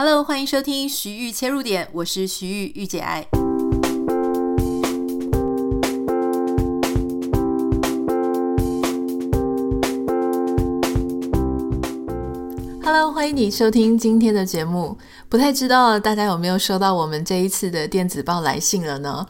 Hello，歡迎收聽徐豫切入點，我是徐豫，御姊愛。Hello，歡迎你收聽今天的節目。不太知道大家有沒有收到我們這一次的電子報來信了呢？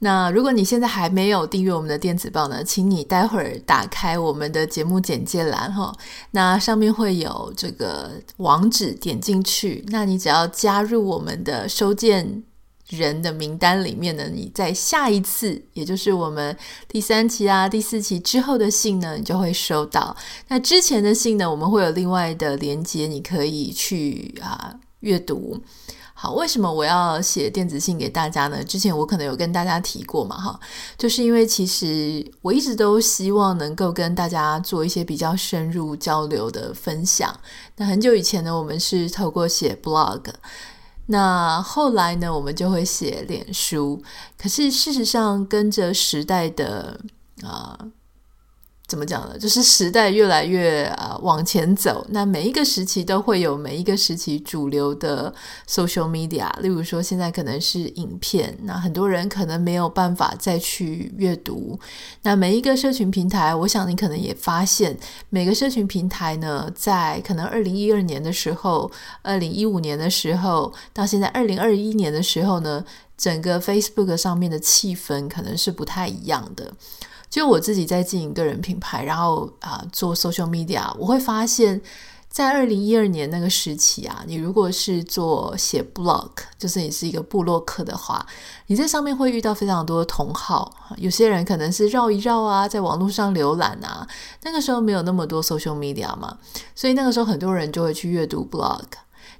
那如果你現在還沒有訂閱我們的電子報呢，請你待會兒打開我們的節目簡介欄哈、哦，那上面會有這個網址，點進去，那你只要加入我們的收件人的名單裡面呢，你在下一次，也就是我們第三期啊、第四期之後的信呢，你就會收到。那之前的信呢，我們會有另外的連接，你可以去啊閱讀。好，為什麼我要寫電子信給大家呢？之前我可能有跟大家提過嘛，哈，就是因為其實我一直都希望能夠跟大家做一些比較深入交流的分享。那很久以前呢，我們是透過寫 blog，那後來呢，我們就會寫臉書。可是事實上，跟着時代的啊。呃怎麼講呢？就是時代越來越、呃、往前走，那每一個時期都會有每一個時期主流的 social media，例如說現在可能是影片，那很多人可能沒有辦法再去閱讀。那每一個社群平台，我想你可能也發現，每個社群平台呢，在可能二零一二年的時候、二零一五年的時候，到現在二零二一年的時候呢，整個 Facebook 上面的氣氛可能是不太一樣的。就我自己在經營個人品牌，然後啊、呃、做 social media，我會發現，在二零一二年那個時期啊，你如果是做寫 blog，就是你是一個部落客的話，你在上面會遇到非常多的同好。有些人可能是繞一繞啊，在網絡上瀏覽啊，那個時候沒有那麼多 social media 嘛，所以那個時候很多人就會去閱讀 blog。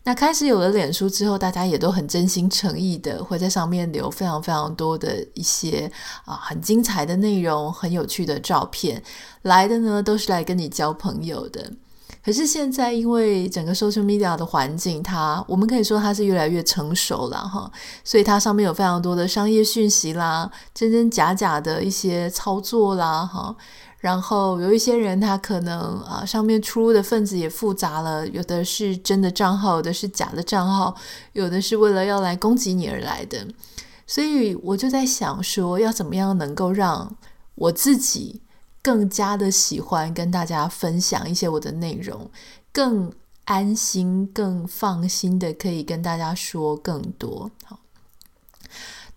那開始有了臉書之後，大家也都很真心誠意的會在上面留非常非常多的一些啊很精彩的內容，很有趣的照片，來的呢都是來跟你交朋友的。可是現在因為整個 social media 的環境，它，我們可以說它是越來越成熟了哈，所以它上面有非常多的商業訊息啦、真真假假的一些操作啦哈。然後有一些人，他可能啊，上面出入的分子也複雜了，有的是真的賬號，有的是假的賬號，有的是為了要來攻擊你而來的。所以我就在想說，要怎麼樣能夠讓我自己更加的喜歡跟大家分享一些我的內容，更安心、更放心的可以跟大家說更多。好。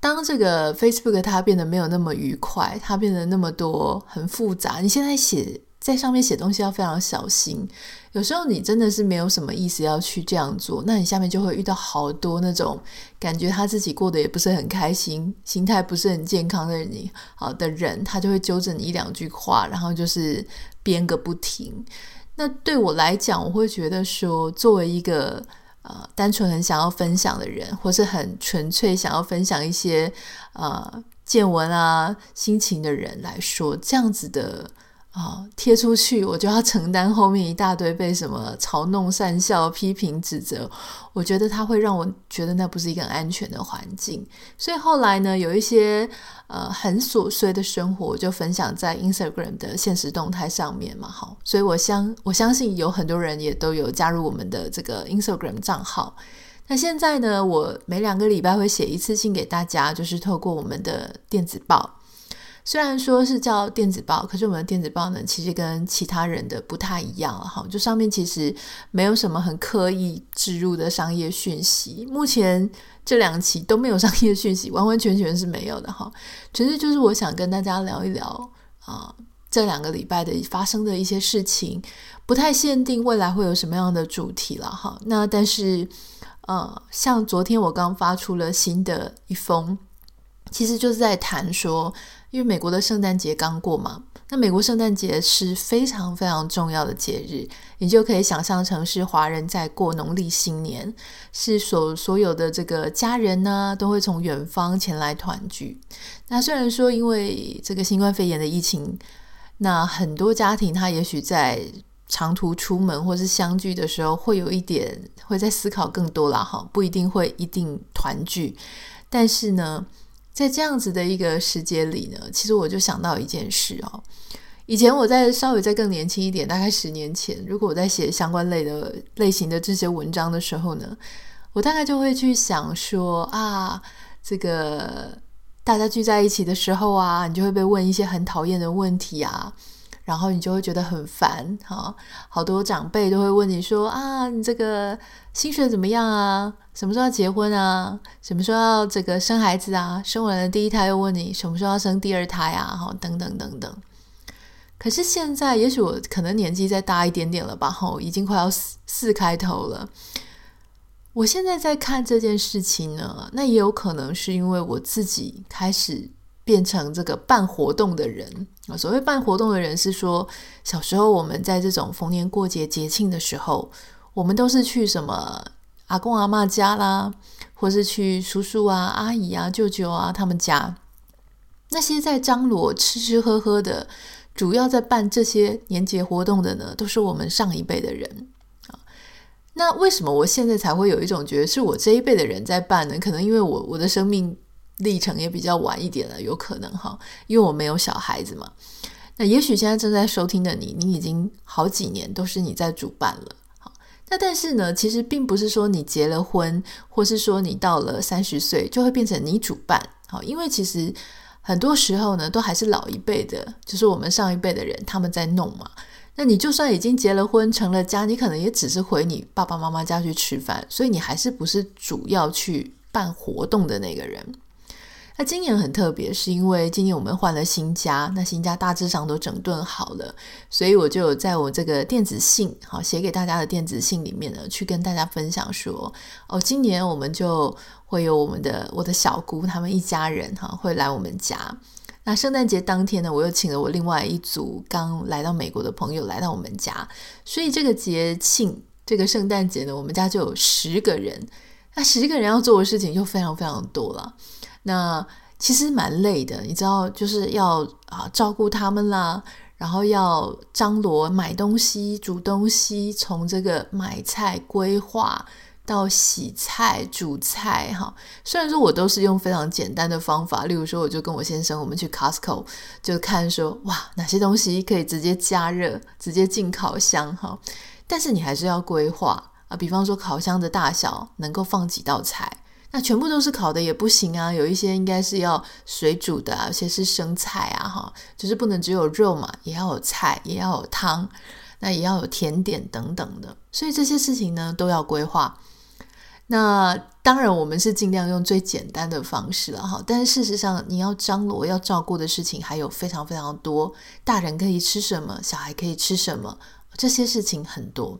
當這個 Facebook 它變得沒有那麼愉快，它變得那麼多很複雜，你現在寫在上面寫東西要非常小心。有時候你真的是沒有什麼意思要去這樣做，那你下面就會遇到好多那種感覺他自己過得也不是很開心，心態不是很健康的你好的人，他就會糾正你一兩句話，然後就是編個不停。那對我來講，我會覺得說，作為一個。呃，單純很想要分享的人，或是很純粹想要分享一些，呃，見聞啊、心情的人來說，這樣子的。好，貼出去我就要承擔後面一大堆被什麼嘲弄、訕笑、批評、指責。我覺得它會讓我覺得那不是一個很安全的環境。所以後來呢，有一些呃很瑣碎的生活我就分享在 Instagram 的限時動態上面嘛。好，所以我相我相信有很多人也都有加入我們的這個 Instagram 賬號。那現在呢，我每兩個禮拜會寫一次信給大家，就是透過我們的電子報。雖然說是叫電子報，可是我們的電子報呢，其實跟其他人的不太一樣了哈。就上面其實沒有什麼很刻意植入的商業訊息，目前這兩期都沒有商業訊息，完完全全是沒有的哈。其實就是我想跟大家聊一聊啊、呃，這兩個禮拜的發生的一些事情，不太限定未來會有什麼樣的主題了哈。那但是呃，像昨天我剛發出了新的一封。其實就是在談說，因為美國的聖誕節剛過嘛，那美國聖誕節是非常非常重要的節日，你就可以想象成是華人在過農曆新年，是所所有的這個家人呢、啊、都會從遠方前來團聚。那雖然說因為這個新冠肺炎的疫情，那很多家庭他也許在長途出門或是相聚的時候會有一點會在思考更多了哈，不一定會一定團聚，但是呢。在這樣子的一個時節裡呢，其實我就想到一件事哦。以前我在稍微再更年輕一點，大概十年前，如果我在寫相關類的類型的這些文章的時候呢，我大概就會去想說啊，這個大家聚在一起的時候啊，你就會被問一些很討厭的問題啊。然後你就會覺得很煩，哈，好多長輩都會問你說啊，你這個薪水怎麼樣啊？什麼時候要結婚啊？什麼時候要這個生孩子啊？生完了第一胎又問你什麼時候要生第二胎啊？等等等等。可是現在，也許我可能年紀再大一點點了吧？已經快要四四開頭了。我現在在看這件事情呢，那也有可能是因為我自己開始。變成這個辦活動的人啊，所謂辦活動的人是說，小時候我們在這種逢年過節節慶的時候，我們都是去什麼阿公阿嬤家啦，或是去叔叔啊、阿姨啊、舅舅啊他們家，那些在張羅吃吃喝喝的，主要在辦這些年節活動的呢，都是我們上一輩的人啊。那為什麼我現在才會有一種覺得是我這一輩的人在辦呢？可能因為我我的生命。歷程也比較晚一點了，有可能哈，因為我沒有小孩子嘛。那也許現在正在收聽的你，你已經好幾年都是你在主辦了。好，那但是呢，其實並不是說你結了婚，或是說你到了三十歲就會變成你主辦。好，因為其實很多時候呢，都還是老一輩的，就是我們上一輩的人他們在弄嘛。那你就算已經結了婚，成了家，你可能也只是回你爸爸媽媽家去吃飯，所以你還是不是主要去辦活動的那個人。那今年很特別，是因為今年我們換了新家，那新家大致上都整頓好了，所以我就有在我這個電子信，好寫給大家的電子信裡面呢，去跟大家分享說，哦，今年我們就會有我們的我的小姑他們一家人哈，會來我們家。那聖誕節當天呢，我又請了我另外一組剛來到美國的朋友來到我們家，所以這個節慶，這個聖誕節呢，我們家就有十個人，那十個人要做的事情就非常非常多了。那其實蠻累的，你知道，就是要啊照顧他們啦，然後要張羅買東西、煮東西，從這個買菜規劃到洗菜、煮菜，哈。雖然說我都是用非常簡單的方法，例如說，我就跟我先生我們去 Costco 就看說，哇，哪些東西可以直接加熱、直接進烤箱，哈。但是你還是要規劃啊，比方說烤箱的大小能夠放幾道菜。那全部都是烤的也不行啊，有一些應該是要水煮的啊，有些是生菜啊，哈，就是不能只有肉嘛，也要有菜，也要有湯，那也要有甜點等等的，所以這些事情呢都要規劃。那當然，我們是盡量用最簡單的方式了，哈。但是事實上，你要張羅要照顧的事情還有非常非常多。大人可以吃什麼，小孩可以吃什麼，這些事情很多。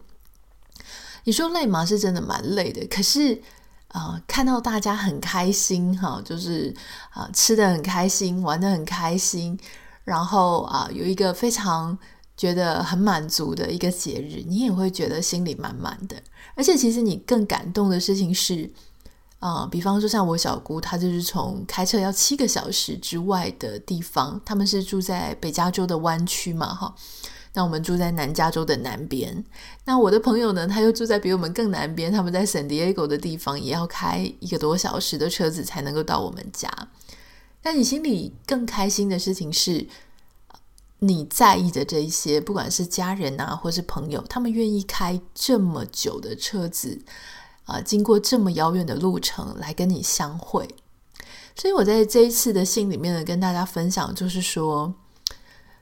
你說累嗎？是真的蠻累的，可是。啊、呃，看到大家很開心哈，就是啊、呃，吃得很開心，玩得很開心，然後啊、呃，有一個非常覺得很滿足的一個節日，你也會覺得心裡滿滿的。而且，其實你更感動的事情是，啊、呃，比方說像我小姑，她就是從開車要七個小時之外的地方，他們是住在北加州的灣區嘛，哈。那我們住在南加州的南邊，那我的朋友呢，他又住在比我們更南邊，他們在聖地牙哥的地方也要開一個多小時的車子才能夠到我們家。但你心裡更開心的事情是，你在意的這一些，不管是家人啊或是朋友，他們願意開這麼久的車子啊、呃，經過這麼遙遠的路程來跟你相會。所以我在這一次的信裡面呢，跟大家分享，就是說。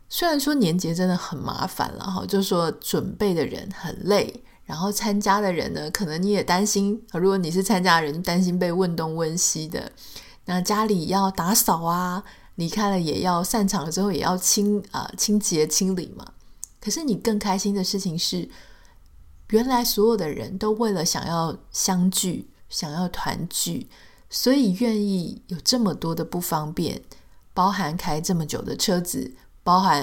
雖然說年節真的很麻煩了哈，就是說準備的人很累，然後參加的人呢，可能你也擔心，如果你是參加的人，擔心被問東問西的。那家裡要打掃啊，離開了也要散場了之後也要清啊、呃、清潔清理嘛。可是你更開心的事情是，原來所有的人都為了想要相聚，想要團聚，所以願意有這麼多的不方便，包含開這麼久的車子。包含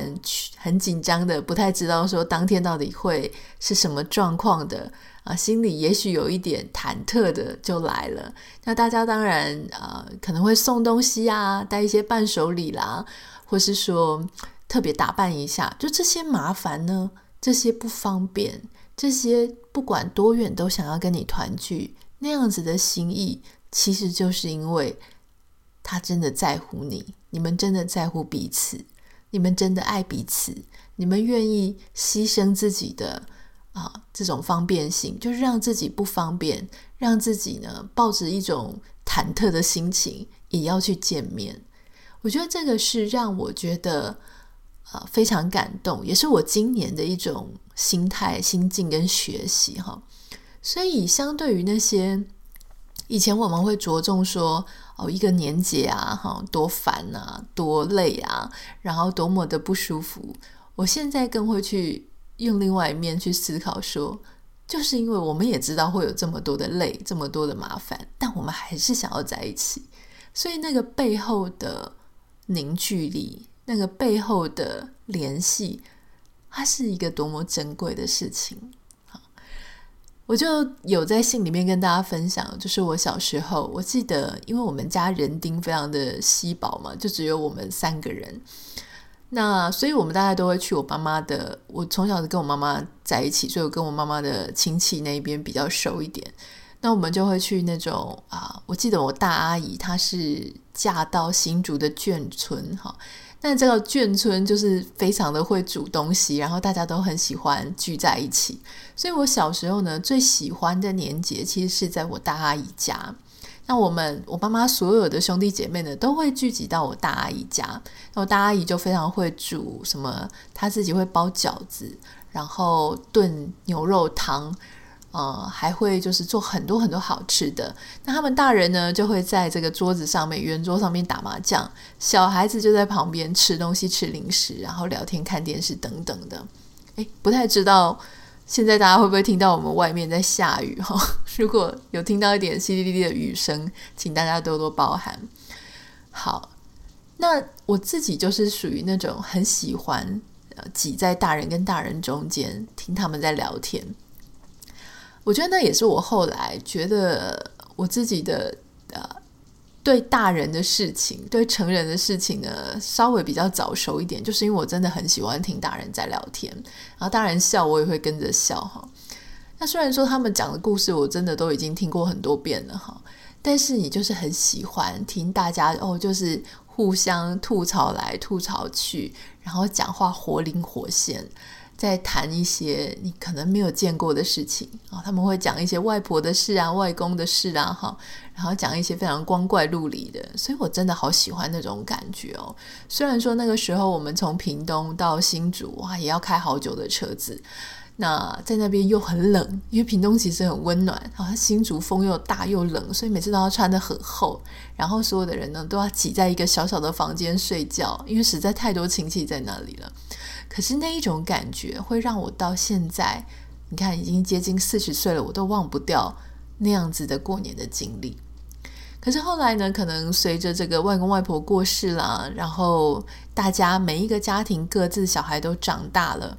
很緊張的，不太知道說當天到底會是什麼狀況的啊，心裡也許有一點忐忑的就來了。那大家當然啊，可能會送東西啊，帶一些伴手禮啦，或是說特別打扮一下，就這些麻煩呢，這些不方便，這些不管多遠都想要跟你團聚，那樣子的心意，其實就是因為他真的在乎你，你們真的在乎彼此。你們真的愛彼此，你們願意犧牲自己的啊，這種方便性，就是讓自己不方便，讓自己呢抱着一種忐忑的心情也要去見面。我覺得這個是讓我覺得啊非常感動，也是我今年的一種心態、心境跟學習哈，哦。所以相對於那些。以前我們會着重說哦，一個年節啊，哈，多煩啊，多累啊，然後多麼的不舒服。我現在更會去用另外一面去思考說，說就是因為我們也知道會有這麼多的累，這麼多的麻煩，但我們還是想要在一起。所以那個背後的凝聚力，那個背後的聯繫，它是一個多麼珍貴的事情。我就有在信裡面跟大家分享，就是我小時候，我記得，因為我們家人丁非常的稀薄嘛，就只有我們三個人，那所以我們大家都會去我媽媽的。我從小是跟我媽媽在一起，所以我跟我媽媽的親戚那邊比較熟一點。那我們就會去那種啊，我記得我大阿姨她是嫁到新竹的眷村哈。哦但這個眷村就是非常的會煮東西，然後大家都很喜歡聚在一起。所以我小時候呢，最喜歡的年節其實是在我大阿姨家。那我們我爸媽所有的兄弟姐妹呢，都會聚集到我大阿姨家。那我大阿姨就非常會煮什麼，她自己會包餃子，然後燉牛肉湯。呃，還會就是做很多很多好吃的。那他們大人呢，就會在這個桌子上面，圓桌上面打麻將，小孩子就在旁邊吃東西、吃零食，然後聊天、看電視等等的。欸，不太知道現在大家會不會聽到我們外面在下雨哈？如果有聽到一點淅瀝瀝的雨聲，請大家多多包涵。好，那我自己就是屬於那種很喜歡擠在大人跟大人中間，聽他們在聊天。我覺得那也是我後來覺得我自己的呃，對大人的事情，對成人的事情呢，稍微比較早熟一點，就是因為我真的很喜歡聽大人在聊天，然後大人笑我也會跟着笑哈。那雖然說他們講的故事我真的都已經聽過很多遍了哈，但是你就是很喜歡聽大家哦，就是互相吐槽來吐槽去，然後講話活靈活現。在談一些你可能沒有見過的事情啊、哦，他們會講一些外婆的事啊、外公的事啊，哈、哦，然後講一些非常光怪陸離的，所以我真的好喜歡那種感覺哦。雖然說那個時候我們從屏東到新竹哇，也要開好久的車子，那在那邊又很冷，因為屏東其實很溫暖，好、哦、像新竹風又大又冷，所以每次都要穿得很厚，然後所有的人呢都要擠在一個小小的房間睡覺，因為實在太多親戚在那裡了。可是那一種感覺會讓我到現在，你看已經接近四十歲了，我都忘不掉那樣子的過年的經歷。可是後來呢，可能隨着這個外公外婆過世啦，然後大家每一個家庭各自小孩都長大了，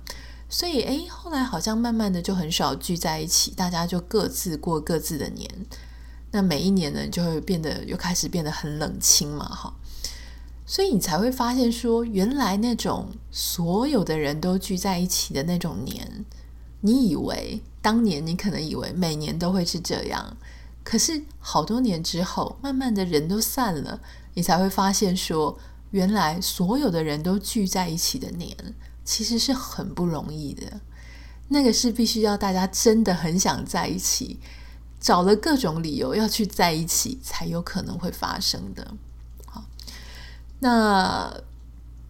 所以哎，後來好像慢慢的就很少聚在一起，大家就各自過各自的年。那每一年呢，就會變得又開始變得很冷清嘛，哈。所以你才會發現說，原來那種所有的人都聚在一起的那種年，你以為當年你可能以為每年都會是這樣，可是好多年之後，慢慢的人都散了，你才會發現說，原來所有的人都聚在一起的年，其實是很不容易的。那個是必須要大家真的很想在一起，找了各種理由要去在一起，才有可能會發生的。那，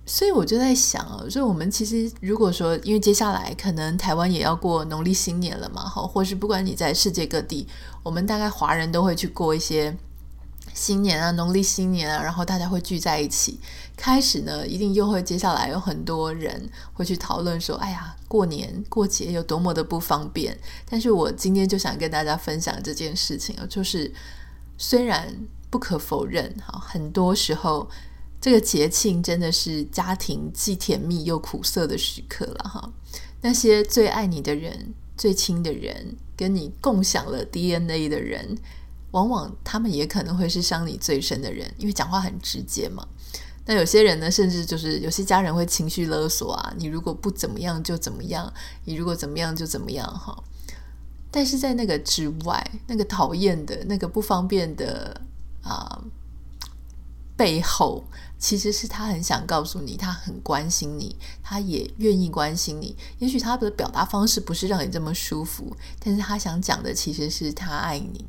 所以我就在想啊，所以我們其實如果說，因為接下來可能台灣也要過農曆新年了嘛，好，或是不管你在世界各地，我們大概華人都會去過一些新年啊，農曆新年啊，然後大家會聚在一起。開始呢，一定又會接下來有很多人會去討論說，哎呀，過年過節有多麼的不方便。但是我今天就想跟大家分享這件事情，就是雖然不可否認，哈，很多時候。這個節慶真的是家庭既甜蜜又苦澀的時刻了哈。那些最愛你的人，最親的人，跟你共享了 DNA 的人，往往他們也可能會是傷你最深的人，因為講話很直接嘛。那有些人呢，甚至就是有些家人會情緒勒索啊，你如果不怎麼樣就怎麼樣，你如果怎麼樣就怎麼樣哈。但是在那個之外，那個討厭的，那個不方便的啊。背後其實是他很想告訴你，他很關心你，他也願意關心你。也許他的表達方式不是讓你這麼舒服，但是他想講的其實是他愛你。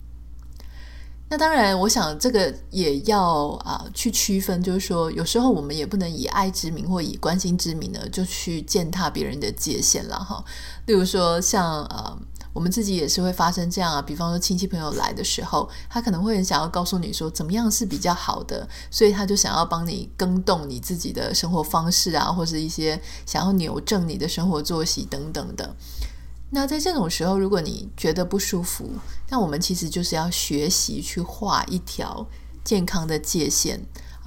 那當然，我想這個也要啊、呃、去區分，就是說有時候我們也不能以愛之名或以關心之名呢，就去踐踏別人的界限了哈。例如說像呃。我們自己也是會發生這樣啊，比方說親戚朋友來的時候，他可能會很想要告訴你說怎麼樣是比較好的，所以他就想要幫你更動你自己的生活方式啊，或是一些想要扭正你的生活作息等等的。那在這種時候，如果你覺得不舒服，那我們其實就是要學習去畫一條健康的界限。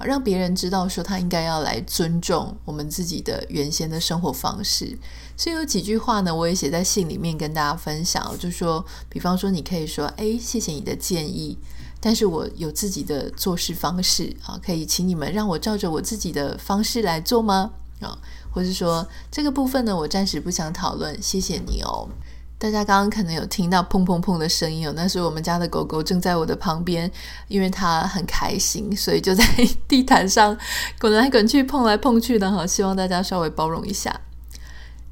讓別人知道說他應該要來尊重我們自己的原先的生活方式，所以有幾句話呢，我也寫在信裡面跟大家分享，就是說，比方說，你可以說，誒，謝謝你的建議，但是我有自己的做事方式啊，可以請你們讓我照着我自己的方式來做嗎？啊，或者是說這個部分呢，我暫時不想討論，謝謝你哦。大家剛剛可能有聽到砰砰砰的聲音哦，那是我們家的狗狗正在我的旁邊，因為它很開心，所以就在地毯上滾來滾去、碰來碰去的哈。希望大家稍微包容一下。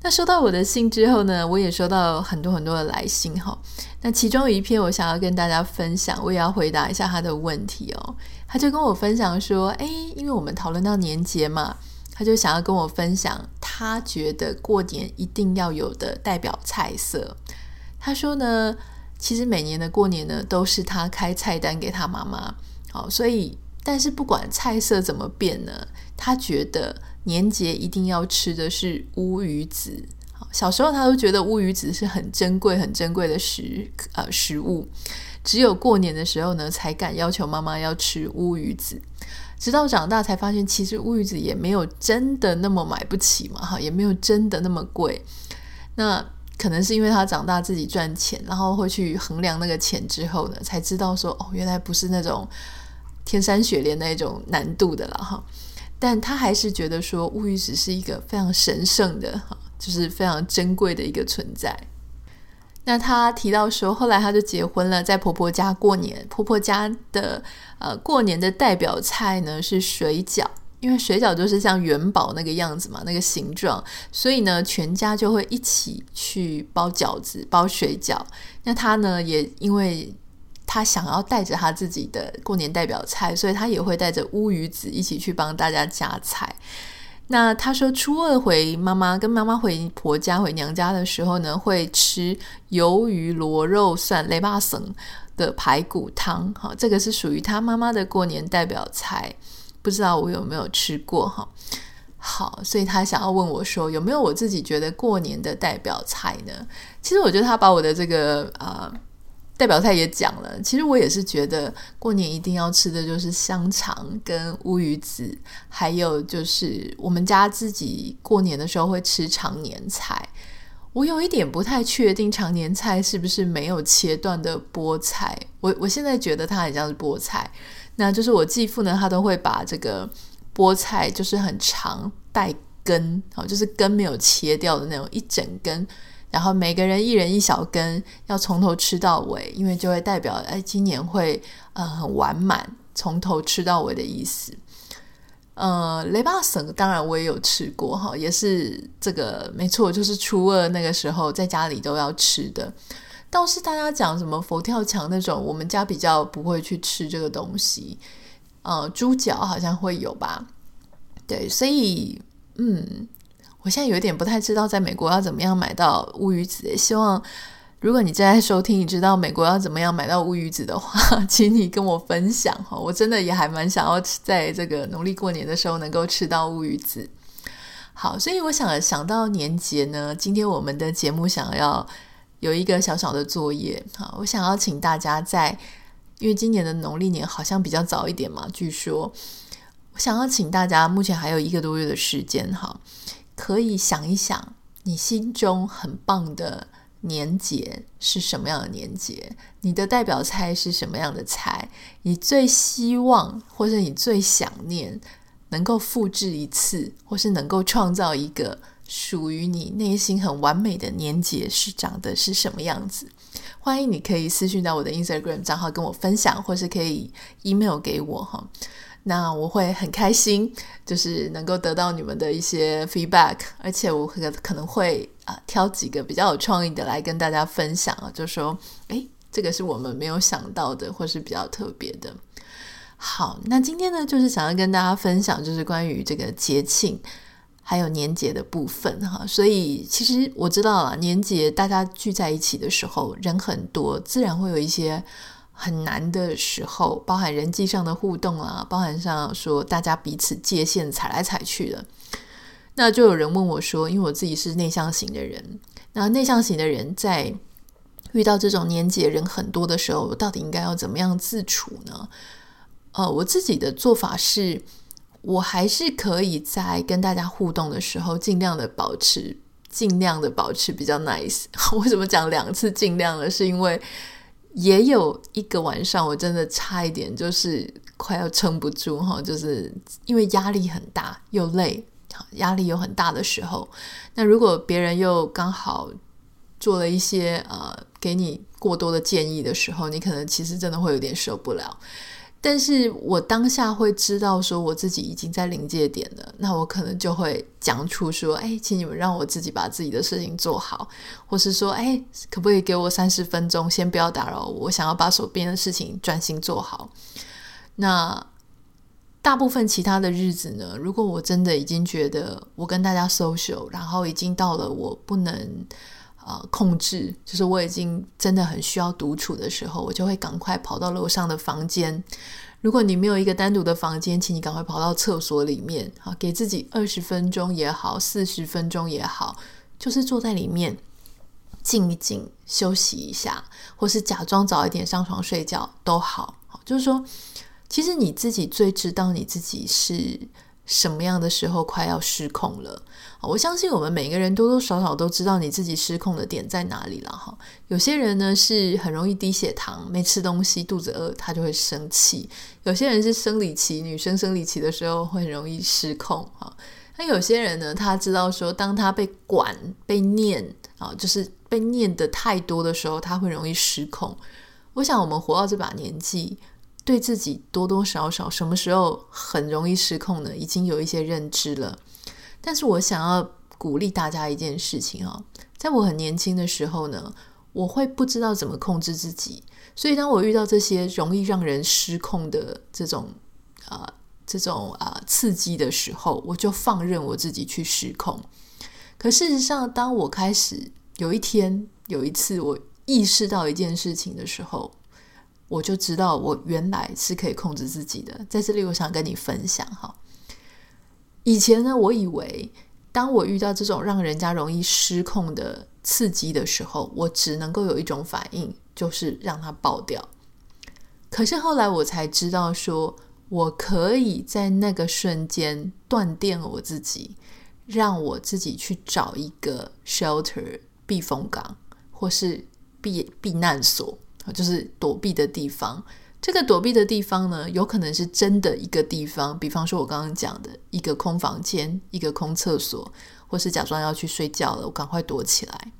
那收到我的信之後呢，我也收到很多很多的來信哈。那其中有一篇我想要跟大家分享，我也要回答一下他的問題哦。他就跟我分享說：“誒，因為我們討論到年節嘛，他就想要跟我分享。”他覺得過年一定要有的代表菜色，他說呢，其實每年的過年呢，都是他開菜單給他媽媽。好、哦，所以但是不管菜色怎麼變呢，他覺得年節一定要吃的是烏魚子。小時候他都覺得烏魚子是很珍貴、很珍貴的食、呃、食物，只有過年的時候呢，才敢要求媽媽要吃烏魚子。直到長大才發現，其實烏魚子也沒有真的那麼買不起嘛，哈，也沒有真的那麼貴。那可能是因為他長大自己賺錢，然後會去衡量那個錢之後呢，才知道說哦，原來不是那種天山雪蓮那種難度的啦，哈。但他還是覺得說，烏魚子是一個非常神聖的，哈，就是非常珍貴的一個存在。那她提到說，後來她就結婚了，在婆婆家過年。婆婆家的呃過年的代表菜呢是水餃，因為水餃就是像元寶那個樣子嘛，那個形狀，所以呢全家就會一起去包餃子、包水餃。那她呢也因為她想要帶着她自己的過年代表菜，所以她也會帶着烏魚子一起去幫大家加菜。那他說初二回媽媽跟媽媽回婆家回娘家的時候呢，會吃魷魚、螺肉、肉、蒜、雷霸筍的排骨湯。哈，這個是屬於他媽媽的過年代表菜。不知道我有沒有吃過哈？好，好，所以他想要問我說，有沒有我自己覺得過年的代表菜呢？其實我覺得他把我的這個啊、呃。代表菜也講了，其實我也是覺得過年一定要吃的就是香腸跟烏魚子，還有就是我們家自己過年的時候會吃常年菜。我有一點不太確定常年菜是不是沒有切斷的菠菜，我我現在覺得它很像是菠菜。那就是我繼父呢，他都會把這個菠菜就是很長帶根，好，就是根沒有切掉的那種一整根。然後每個人一人一小根，要從頭吃到尾，因為就會代表誒今年會呃很完滿，從頭吃到尾的意思。呃，雷巴森當然我也有吃過哈，也是這個沒錯，就是初二那個時候在家裡都要吃的。倒是大家講什麼佛跳牆那種，我們家比較不會去吃這個東西。呃，豬腳好像會有吧？對，所以嗯。我現在有點不太知道在美國要怎麼樣買到烏魚子。也希望如果你正在收聽，你知道美國要怎麼樣買到烏魚子的話，請你跟我分享哈。我真的也還蠻想要在這個農曆過年的時候能夠吃到烏魚子。好，所以我想想到年節呢，今天我們的節目想要有一個小小的作業哈。我想要請大家在，因為今年的農曆年好像比較早一點嘛，據說我想要請大家目前還有一個多月的時間哈。好可以想一想，你心中很棒的年節是什麼樣的年節？你的代表菜是什麼樣的菜？你最希望或是你最想念能夠複製一次，或是能夠創造一個屬於你內心很完美的年節，是長的是什麼樣子？歡迎你可以私訊到我的 Instagram 賬號跟我分享，或是可以 email 給我哈。那我會很開心，就是能夠得到你們的一些 feedback，而且我可能會啊挑幾個比較有創意的來跟大家分享啊，就是說，誒，這個是我們沒有想到的，或是比較特別的。好，那今天呢，就是想要跟大家分享，就是關於這個節慶還有年節的部分哈啊。所以其實我知道了，年節大家聚在一起的時候，人很多，自然會有一些。很難的時候，包含人際上的互動啦、啊，包含上說大家彼此界限踩來踩去的，那就有人問我說：“因為我自己是內向型的人，那內向型的人在遇到這種年紀的人很多的時候，我到底應該要怎麼樣自處呢？”呃，我自己的做法是，我還是可以在跟大家互動的時候，盡量的保持，盡量的保持比較 nice。為 什麼講兩次盡量呢？是因為。也有一個晚上，我真的差一點，就是快要撐不住哈，就是因為壓力很大，又累，壓力又很大的時候，那如果別人又剛好做了一些呃，給你過多的建議的時候，你可能其實真的會有點受不了。但是我當下會知道說我自己已經在臨界點了，那我可能就會講出說：“哎，請你們讓我自己把自己的事情做好，或是說：哎，可不可以給我三十分鐘，先不要打擾我，我想要把手邊的事情專心做好。那”那大部分其他的日子呢？如果我真的已經覺得我跟大家 social，然後已經到了我不能。啊，控制就是我已經真的很需要獨處的時候，我就會趕快跑到樓上的房間。如果你沒有一個單獨的房間，請你趕快跑到廁所裡面啊，給自己二十分鐘也好，四十分鐘也好，就是坐在裡面靜一靜，休息一下，或是假裝早一點上床睡覺都好。好，就是說，其實你自己最知道你自己是什麼樣的時候快要失控了。我相信我們每個人多多少少都知道你自己失控的點在哪裡了哈。有些人呢是很容易低血糖，沒吃東西肚子餓，他就會生氣；有些人是生理期，女生生理期的時候會很容易失控哈。那有些人呢，他知道說，當他被管、被念啊，就是被念得太多的時候，他會容易失控。我想，我們活到這把年紀，對自己多多少少什麼時候很容易失控呢，已經有一些認知了。但是我想要鼓勵大家一件事情啊、哦，在我很年輕的時候呢，我會不知道怎麼控制自己，所以當我遇到這些容易讓人失控的這種啊、呃、這種啊、呃、刺激的時候，我就放任我自己去失控。可事實上，當我開始有一天有一次我意識到一件事情的時候，我就知道我原來是可以控制自己的。在這裡，我想跟你分享哈、哦。以前呢，我以為當我遇到這種讓人家容易失控的刺激的時候，我只能夠有一種反應，就是讓它爆掉。可是後來我才知道說，說我可以在那個瞬間斷電我自己，讓我自己去找一個 shelter，避風港，或是避避難所，就是躲避的地方。這個躲避的地方呢，有可能是真的一個地方，比方說我剛剛講的一個空房間、一個空廁所，或是假裝要去睡覺了，我趕快躲起來。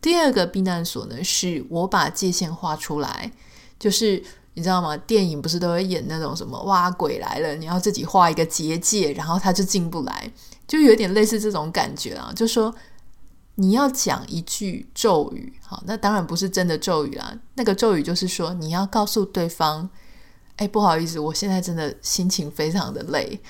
第二個避難所呢，是我把界限畫出來，就是你知道嗎？電影不是都會演那種什麼哇，鬼來了，你要自己畫一個結界，然後他就進不來，就有點類似這種感覺啊，就說。你要講一句咒語，好，那當然不是真的咒語啦。那個咒語就是說，你要告訴對方，哎，不好意思，我現在真的心情非常的累，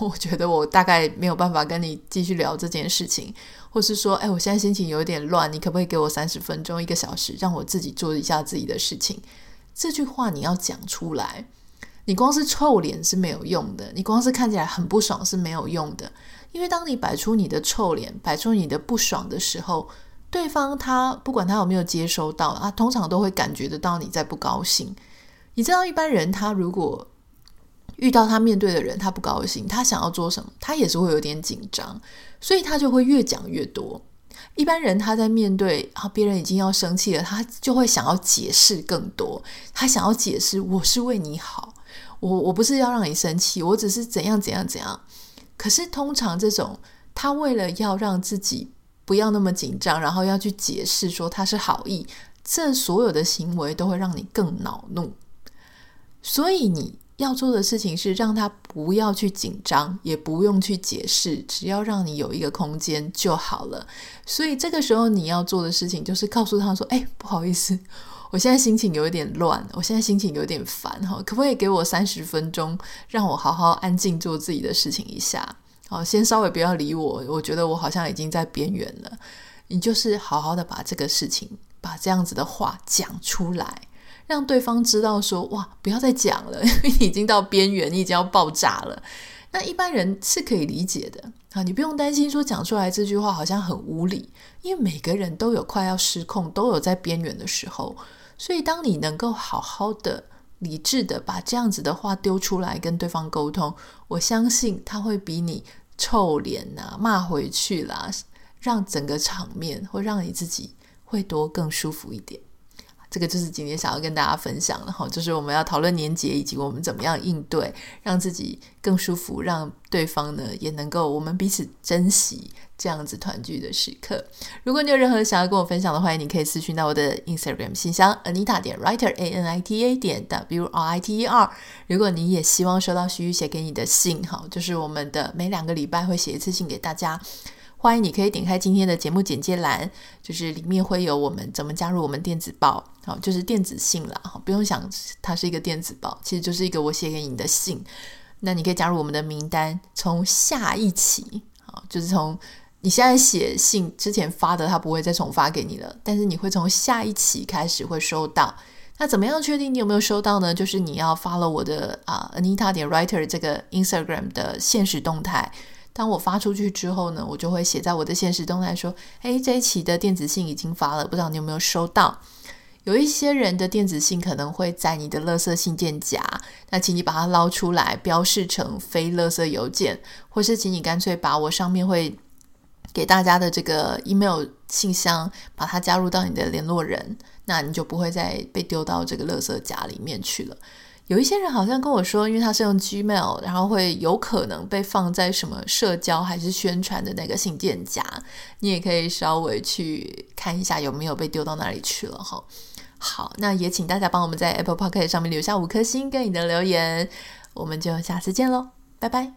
我覺得我大概沒有辦法跟你繼續聊這件事情，或是說，哎，我現在心情有點亂，你可不可以給我三十分鐘、一個小時，讓我自己做一下自己的事情？這句話你要講出來，你光是臭臉是沒有用的，你光是看起來很不爽是沒有用的。因為當你擺出你的臭臉，擺出你的不爽的時候，對方他不管他有沒有接收到啊，他通常都會感覺得到你在不高興。你知道一般人他如果遇到他面對的人，他不高興，他想要做什麼，他也是會有點緊張，所以他就會越講越多。一般人他在面對啊，別人已經要生氣了，他就會想要解釋更多，他想要解釋我是為你好，我我不是要讓你生氣，我只是怎樣怎樣怎樣。怎樣可是，通常這種他為了要讓自己不要那麼緊張，然後要去解釋說他是好意，這所有的行為都會讓你更惱怒。所以你要做的事情是讓他不要去緊張，也不用去解釋，只要讓你有一個空間就好了。所以這個時候你要做的事情就是告訴他說：“哎，不好意思。”我現在心情有一點亂，我現在心情有點煩哈，可不可以給我三十分鐘，讓我好好安靜做自己的事情一下？好，先稍微不要理我，我覺得我好像已經在邊緣了。你就是好好的把這個事情，把這樣子的話講出來，讓對方知道說，哇，不要再講了，因 為已經到邊緣，你已經要爆炸了。那一般人是可以理解的啊，你不用擔心說講出來這句話好像很無理，因為每個人都有快要失控，都有在邊緣的時候。所以，當你能夠好好的、理智的把這樣子的話丟出來跟對方溝通，我相信他會比你臭臉吶、啊、罵回去啦、啊，讓整個場面會讓你自己會多更舒服一點。這個就是今天想要跟大家分享的哈，就是我們要討論年節，以及我們怎麼樣應對，讓自己更舒服，讓對方呢也能夠我們彼此珍惜這樣子團聚的時刻。如果你有任何想要跟我分享的話，你可以私訊到我的 Instagram 信箱 Anita 點 Writer A N I T A 點 W R I T E R。如果你也希望收到徐豫寫給你的信哈，就是我們的每兩個禮拜會寫一次信給大家。歡迎，你可以點開今天的節目簡介欄，就是裡面會有我們怎麼加入我們電子報，好，就是電子信了，好，不用想它是一個電子報，其實就是一個我寫給你的信。那你可以加入我們的名單，從下一期，好，就是從你現在寫信之前發的，它不會再重發給你了，但是你會從下一期開始會收到。那怎麼樣確定你有沒有收到呢？就是你要發了我的啊，uh，Anita 點 Writer 這個 Instagram 的限時動態。當我發出去之後呢，我就會寫在我的限時動態說：“誒，這一期的電子信已經發了，不知道你有沒有收到？有一些人的電子信可能會在你的垃圾信件夾，那請你把它撈出來，標示成非垃圾郵件，或是請你乾脆把我上面會給大家的這個 email 信箱，把它加入到你的聯絡人，那你就不會再被丟到這個垃圾夾裡面去了。”有一些人好像跟我說，因為他是用 Gmail，然後會有可能被放在什麼社交還是宣傳的那個信件夾，你也可以稍微去看一下有沒有被丟到哪裡去了哈。好，那也請大家幫我們在 Apple Podcast 上面留下五顆星跟你的留言，我們就下次見嘍，拜拜。